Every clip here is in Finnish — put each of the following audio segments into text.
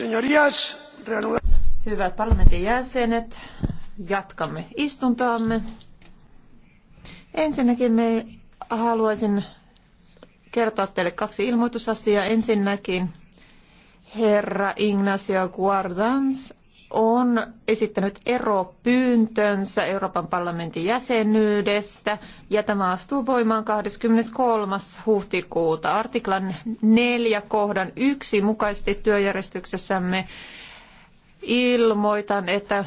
Señorías, Hyvät parlamentin jäsenet, jatkamme istuntoamme. Ensinnäkin me haluaisin kertoa teille kaksi ilmoitusasiaa. Ensinnäkin herra Ignacio Guardans on esittänyt eropyyntönsä Euroopan parlamentin jäsenyydestä ja tämä astuu voimaan 23. huhtikuuta. Artiklan 4 kohdan 1 mukaisesti työjärjestyksessämme ilmoitan, että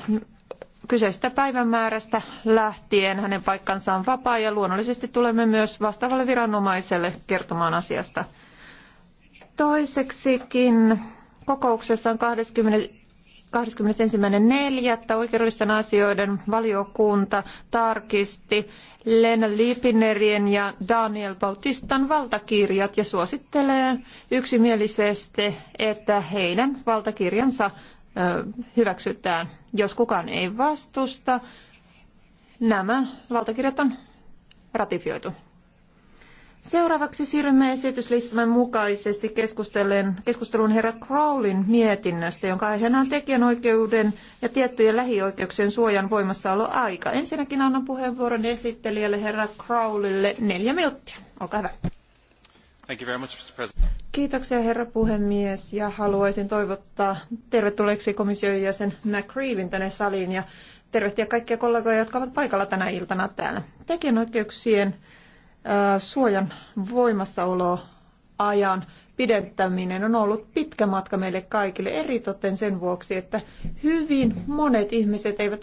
kyseisestä päivämäärästä lähtien hänen paikkansa on vapaa ja luonnollisesti tulemme myös vastaavalle viranomaiselle kertomaan asiasta. Toiseksikin kokouksessa on 20 21.4. oikeudellisten asioiden valiokunta tarkisti Lena Lipinerien ja Daniel Bautistan valtakirjat ja suosittelee yksimielisesti, että heidän valtakirjansa hyväksytään. Jos kukaan ei vastusta, nämä valtakirjat on ratifioitu. Seuraavaksi siirrymme esityslistamme mukaisesti keskusteluun herra Crowlin mietinnöstä, jonka aiheena on tekijänoikeuden ja tiettyjen lähioikeuksien suojan voimassaoloaika. Ensinnäkin annan puheenvuoron esittelijälle herra Crowlille neljä minuuttia. Olkaa hyvä. Thank you very much, Mr. President. Kiitoksia herra puhemies ja haluaisin toivottaa tervetulleeksi komission jäsen McReevin tänne saliin ja tervehtiä kaikkia kollegoja, jotka ovat paikalla tänä iltana täällä. Tekijänoikeuksien suojan voimassaoloajan pidentäminen on ollut pitkä matka meille kaikille, eritoten sen vuoksi, että hyvin monet ihmiset eivät